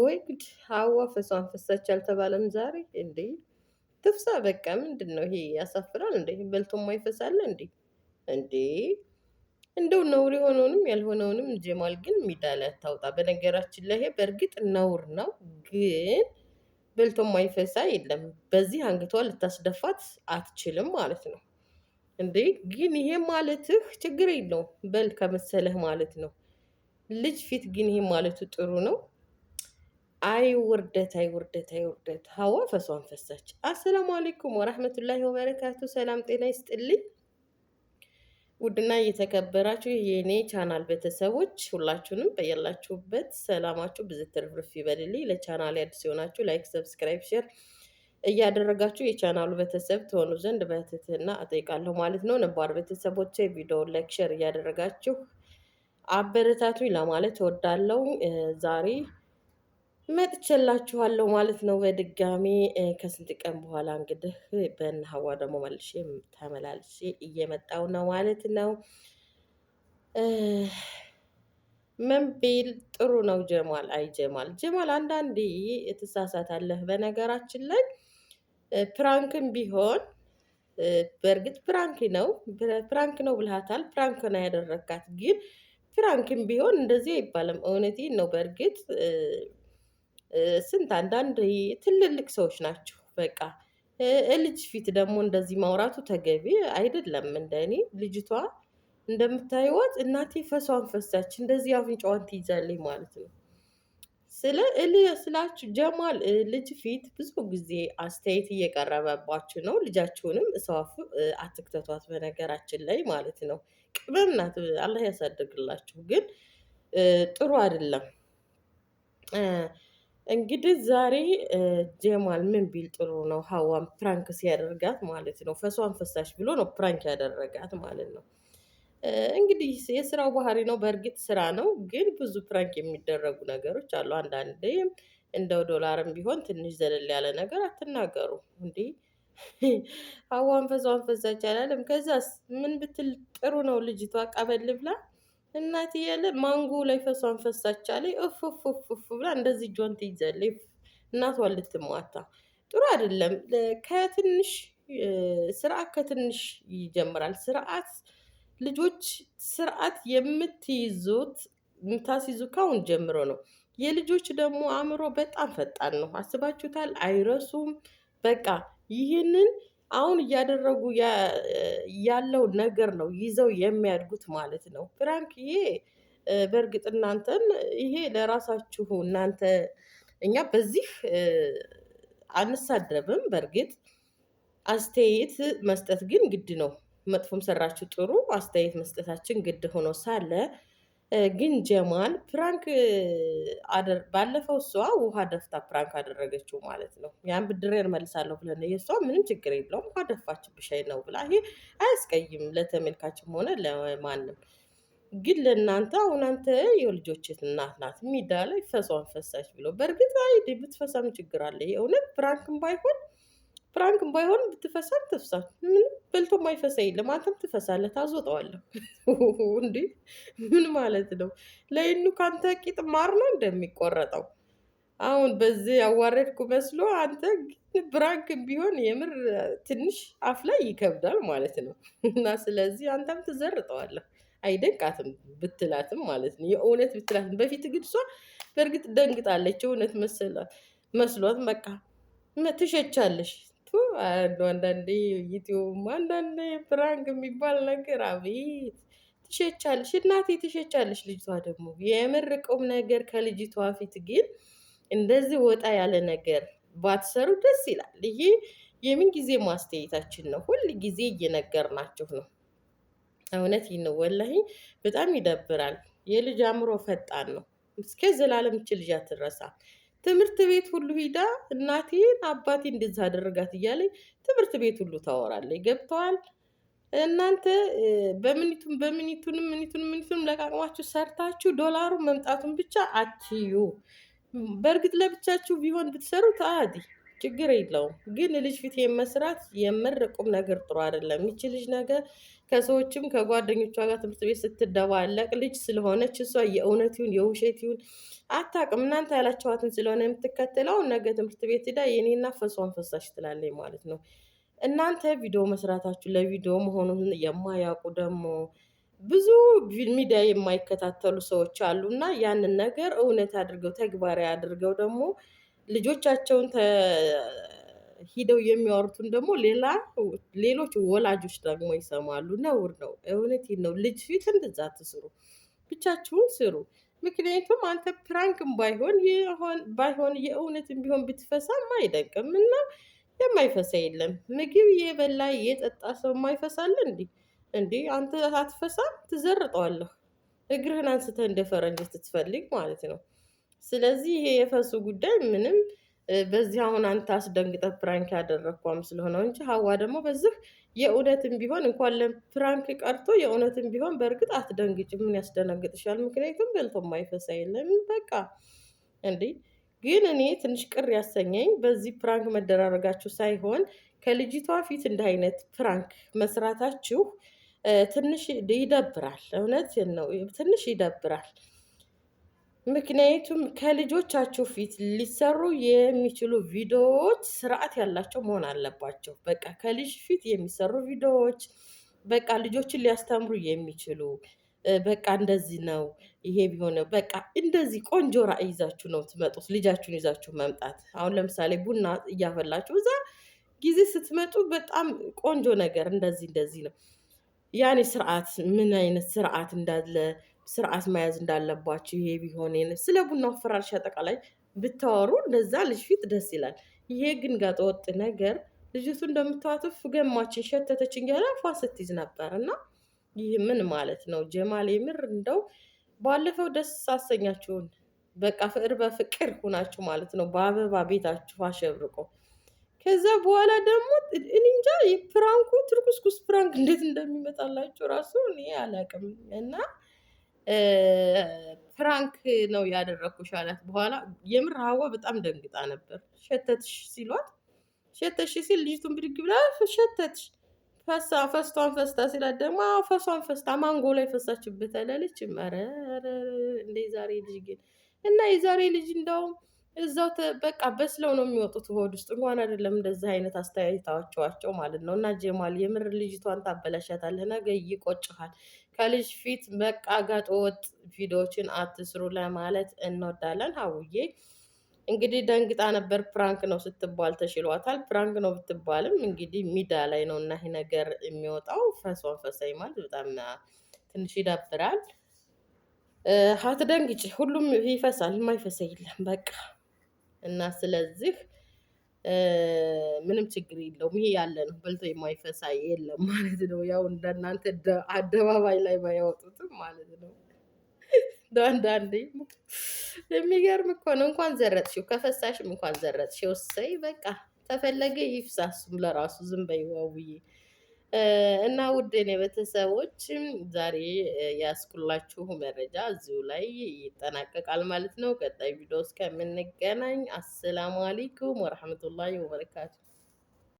ወይ ጉድ! ሀዋ ፈሷን ፈሳች አልተባለም ዛሬ እንዴ? ትፍሳ በቃ ምንድን ነው ይሄ? ያሳፍራል እንዴ! በልቶማ ማይፈሳለ እንዴ እንዴ! እንደው ነውር የሆነውንም ያልሆነውንም ጀማል ግን ሜዳ ላይ አታውጣ። በነገራችን ላይ በእርግጥ ነውር ነው፣ ግን በልቶማ ይፈሳ የለም። በዚህ አንግቷ ልታስደፋት አትችልም ማለት ነው እንዴ። ግን ይሄ ማለትህ ችግር የለውም፣ በል ከመሰለህ ማለት ነው። ልጅ ፊት ግን ይሄ ማለቱ ጥሩ ነው። አይ ውርደት፣ አይ ውርደት፣ አይ ውርደት። ሀዋ ፈሷን ፈሳች። አሰላሙ አሌይኩም ወራህመቱላሂ ወበረካቱ። ሰላም ጤና ይስጥልኝ። ውድና እየተከበራችሁ የእኔ ቻናል ቤተሰቦች ሁላችሁንም በያላችሁበት ሰላማችሁ ብዝት ትርፍርፍ ይበልልኝ። ለቻናል አዲስ የሆናችሁ ላይክ፣ ሰብስክራይብ፣ ሼር እያደረጋችሁ የቻናሉ ቤተሰብ ትሆኑ ዘንድ በትህትና እጠይቃለሁ ማለት ነው። ነባር ቤተሰቦች ቪዲዮ ላይክ፣ ሼር እያደረጋችሁ አበረታቱኝ ለማለት እወዳለሁ ዛሬ መጥቼላችኋለሁ ማለት ነው። በድጋሚ ከስንት ቀን በኋላ እንግዲህ በእነ ሀዋ ደግሞ መልሼ ተመላልሼ እየመጣው ነው ማለት ነው። ምን ቢል ጥሩ ነው ጀማል። አይ ጀማል ጀማል አንዳንዴ ትሳሳታለህ። በነገራችን ላይ ፕራንክም ቢሆን በእርግጥ ፕራንክ ነው ፕራንክ ነው ብልሃታል። ፕራንክ ነው ያደረካት። ግን ፕራንክም ቢሆን እንደዚህ አይባልም። እውነቴን ነው በእርግጥ ስንት አንዳንድ ትልልቅ ሰዎች ናቸው። በቃ ልጅ ፊት ደግሞ እንደዚህ ማውራቱ ተገቢ አይደለም። እንደ እኔ ልጅቷ እንደምታይወት እናቴ ፈሷን ፈሳች፣ እንደዚህ አፍንጫዋን ትይዛለች ማለት ነው። ስለ ስላችሁ ጀማል ልጅ ፊት ብዙ ጊዜ አስተያየት እየቀረበባችሁ ነው። ልጃችሁንም እሰዋፍ አትክተቷት፣ በነገራችን ላይ ማለት ነው። ቅመም ናት፣ አላህ ያሳድግላችሁ። ግን ጥሩ አይደለም። እንግዲህ ዛሬ ጀማል ምን ቢል ጥሩ ነው? ሀዋን ፕራንክ ሲያደርጋት ማለት ነው። ፈሷን ፈሳሽ ብሎ ነው ፕራንክ ያደረጋት ማለት ነው። እንግዲህ የስራው ባህሪ ነው። በእርግጥ ስራ ነው፣ ግን ብዙ ፕራንክ የሚደረጉ ነገሮች አሉ። አንዳንዴም እንደው ዶላርም ቢሆን ትንሽ ዘለል ያለ ነገር አትናገሩ። እንዲህ ሀዋን ፈሷን ፈሳች አላለም። ከዛስ ምን ብትል ጥሩ ነው? ልጅቷ ቀበል ብላ እናት እያለ ማንጎ ላይ ፈሷን ፈሳች አለ እፍፍፍፍ ብላ እንደዚህ እጇን ትይዛለች። እናቷ ልትሟታ ጥሩ አይደለም። ከትንሽ ስርዓት ከትንሽ ይጀምራል። ስርዓት ልጆች ስርዓት የምትይዙት የምታስይዙ ካሁን ጀምሮ ነው። የልጆች ደግሞ አእምሮ በጣም ፈጣን ነው። አስባችሁታል? አይረሱም። በቃ ይህንን አሁን እያደረጉ ያለው ነገር ነው ይዘው የሚያድጉት ማለት ነው። ይሄ በእርግጥ እናንተን ይሄ ለራሳችሁ እናንተ እኛ በዚህ አንሳደብም። በእርግጥ አስተያየት መስጠት ግን ግድ ነው። መጥፎም ሰራችሁ ጥሩ አስተያየት መስጠታችን ግድ ሆኖ ሳለ ግን ጀማል ፕራንክ ባለፈው እሷ ውሃ ደፍታ ፕራንክ አደረገችው ማለት ነው። ያን ብድሬ መልሳለሁ ብለን የእሷ ምንም ችግር የለውም ውሃ ብሻይ ነው ብላ ይሄ አያስቀይም ለተመልካችም ሆነ ለማንም። ግን ለእናንተ አሁን አንተ የልጆች እናት ናት ሚዳ ላይ ፈሷን ፈሳች ብሎ በእርግጥ አይ ብትፈሳም ችግር አለ የእውነት ፕራንክም ባይሆን ፍራንክም ባይሆን ብትፈሳል ትፍሳ። ምንም በልቶ ማይፈሳ የለም። አንተም ትፈሳለህ፣ ታዞጠዋለሁ። እንዴ ምን ማለት ነው? ለይኑ ከአንተ ቂጥ ማር ነው እንደሚቆረጠው። አሁን በዚህ ያዋረድኩ መስሎ አንተ ግን ብራንክም ቢሆን የምር ትንሽ አፍ ላይ ይከብዳል ማለት ነው። እና ስለዚህ አንተም ትዘርጠዋለህ። አይደንቃትም ብትላትም ማለት ነው። የእውነት ብትላትም በፊት ግን እሷ በእርግጥ ደንግጣለች። የእውነት መስሏት በቃ ትሸቻለሽ ቱ አሉ አንዳንዴ ዩቲዩብም አንዳንዴ ፕራንክ የሚባል ነገር አቤት ትሸቻለሽ እናቴ ትሸቻለሽ። ልጅቷ ደግሞ የምር ቁም ነገር ከልጅቷ ፊት ግን እንደዚህ ወጣ ያለ ነገር ባትሰሩ ደስ ይላል። ይሄ የምን ጊዜ ማስተያየታችን ነው፣ ሁል ጊዜ እየነገርናችሁ ነው። እውነት ነው፣ ወላሂ በጣም ይደብራል። የልጅ አእምሮ ፈጣን ነው። እስከ ዘላለም ልጅ አትረሳ። ትምህርት ቤት ሁሉ ሂዳ እናቴን አባቴ እንደዛ አደረጋት እያለኝ ትምህርት ቤት ሁሉ ታወራለች። ገብተዋል እናንተ በምኒቱን በምኒቱንም ምኒቱን ምኒቱንም ለቃቅማችሁ ሰርታችሁ ዶላሩ መምጣቱን ብቻ አትዩ። በእርግጥ ለብቻችሁ ቢሆን ብትሰሩት አዲ ችግር የለውም። ግን ልጅ ፊት የመስራት የምር ቁም ነገር ጥሩ አይደለም። ይቺ ልጅ ነገር ከሰዎችም ከጓደኞቿ ጋር ትምህርት ቤት ስትደባለቅ ልጅ ስለሆነች እሷ የእውነት ይሁን የውሸት ይሁን አታውቅም። እናንተ ያላቸዋትን ስለሆነ የምትከተለው ነገ ትምህርት ቤት ሂዳ የኔና ፈሷን ፈሳሽ ትላለች ማለት ነው። እናንተ ቪዲዮ መስራታችሁ ለቪዲዮ መሆኑን የማያውቁ ደግሞ ብዙ ሚዲያ የማይከታተሉ ሰዎች አሉ እና ያንን ነገር እውነት አድርገው ተግባራዊ አድርገው ደግሞ ልጆቻቸውን ሂደው የሚያወሩትን ደግሞ ሌላ ሌሎች ወላጆች ደግሞ ይሰማሉ። ነውር ነው። እውነት ነው። ልጅ ፊት እንደዛ ትስሩ፣ ብቻችሁን ስሩ። ምክንያቱም አንተ ፕራንክም ባይሆን ባይሆን የእውነትም ቢሆን ብትፈሳም አይደንቅም እና የማይፈሳ የለም። ምግብ የበላ የጠጣ ሰው የማይፈሳለ እንዲ እንዲ አንተ አትፈሳም፣ ትዘርጠዋለህ እግርህን አንስተህ እንደ ፈረንጅ ስትፈልግ ማለት ነው። ስለዚህ ይሄ የፈሱ ጉዳይ ምንም በዚህ አሁን አንተ አስደንግጠ ፕራንክ ያደረግኳም ስለሆነው እንጂ ሀዋ ደግሞ በዚህ የእውነትም ቢሆን እንኳን ለፕራንክ ቀርቶ የእውነትም ቢሆን በእርግጥ አትደንግጭ። ምን ያስደነግጥሻል? ምክንያቱም በልቶ ማይፈሳ የለም። በቃ እንዲህ ግን እኔ ትንሽ ቅር ያሰኘኝ በዚህ ፕራንክ መደራረጋችሁ ሳይሆን ከልጅቷ ፊት እንደ አይነት ፕራንክ መስራታችሁ ትንሽ ይደብራል። እውነት ነው፣ ትንሽ ይደብራል። ምክንያቱም ከልጆቻችሁ ፊት ሊሰሩ የሚችሉ ቪዲዮዎች ስርዓት ያላቸው መሆን አለባቸው። በቃ ከልጅ ፊት የሚሰሩ ቪዲዮዎች በቃ ልጆችን ሊያስተምሩ የሚችሉ በቃ እንደዚህ ነው ይሄ ቢሆነው በቃ እንደዚህ ቆንጆ ራዕይ ይዛችሁ ነው ትመጡት። ልጃችሁን ይዛችሁ መምጣት አሁን ለምሳሌ ቡና እያፈላችሁ እዛ ጊዜ ስትመጡ በጣም ቆንጆ ነገር እንደዚህ እንደዚህ ነው ያኔ ስርዓት ምን አይነት ስርዓት እንዳለ ስርዓት መያዝ እንዳለባችሁ ይሄ ቢሆን ስለ ቡና አፈራርሽ አጠቃላይ ብታወሩ እንደዛ ልጅ ፊት ደስ ይላል። ይሄ ግን ጋጠወጥ ነገር ልጅቱ እንደምታዋቱ ገማችን ሸተተች እያለ ፏ ስትይዝ ነበር እና ይህ ምን ማለት ነው? ጀማል የምር እንደው ባለፈው ደስ አሰኛችሁን። በቃ ፍቅር በፍቅር ሁናችሁ ማለት ነው። በአበባ ቤታችሁ አሸብርቆ ከዛ በኋላ ደግሞ እንጃ ፍራንኩ ትርኩስኩስ ፍራንክ እንዴት እንደሚመጣላችሁ ራሱ እኔ አላውቅም እና ፍራንክ ነው ያደረግኩሽ አላት። በኋላ የምር ሀዋ በጣም ደንግጣ ነበር። ሸተትሽ ሲሏት ሸተትሽ ሲል ልጅቱን ብድግ ብላ ሸተትሽ ፈሳ ፈስቷን ፈስታ ሲላት ደግሞ ፈሷን ፈስታ ማንጎ ላይ ፈሳችበት አላለች። መረረ እንደ የዛሬ ልጅ ግን እና የዛሬ ልጅ እንደውም እዛው በቃ በስለው ነው የሚወጡት ሆድ ውስጥ እንኳን አይደለም እንደዚህ አይነት አስተያየታቸዋቸው ማለት ነው። እና ጀማል የምር ልጅቷን ታበላሻታለህ፣ ነገ ይቆጭሃል። ከልጅ ፊት መቃጋጥ ወጥ ቪዲዮዎችን አትስሩ ለማለት እንወዳለን። ሀውዬ እንግዲህ ደንግጣ ነበር። ፕራንክ ነው ስትባል ተሽሏታል። ፕራንክ ነው ብትባልም እንግዲህ ሚዳ ላይ ነው እና ይሄ ነገር የሚወጣው ፈሷን ፈሳይ ማለት በጣም ትንሽ ይዳብራል። አትደንግጭ፣ ሁሉም ይፈሳል፣ የማይፈሳ የለም በቃ እና ስለዚህ ምንም ችግር የለውም። ይሄ ያለ ነው። በልቶ የማይፈሳ የለም ማለት ነው። ያው እንደናንተ አደባባይ ላይ ባያወጡትም ማለት ነው። አንዳንዴ የሚገርም እኮ ነው። እንኳን ዘረጥሽው፣ ከፈሳሽም እንኳን ዘረጥሽው። እሰይ በቃ ተፈለገ ይፍሳሱም ለራሱ ዝም በይ ዋውዬ እና ውድ የኔ ቤተሰቦች ዛሬ ያስኩላችሁ መረጃ እዚሁ ላይ ይጠናቀቃል ማለት ነው። ቀጣይ ቪዲዮ እስከምንገናኝ አሰላሙ አለይኩም ወረሐመቱላሂ ወበረካቱ።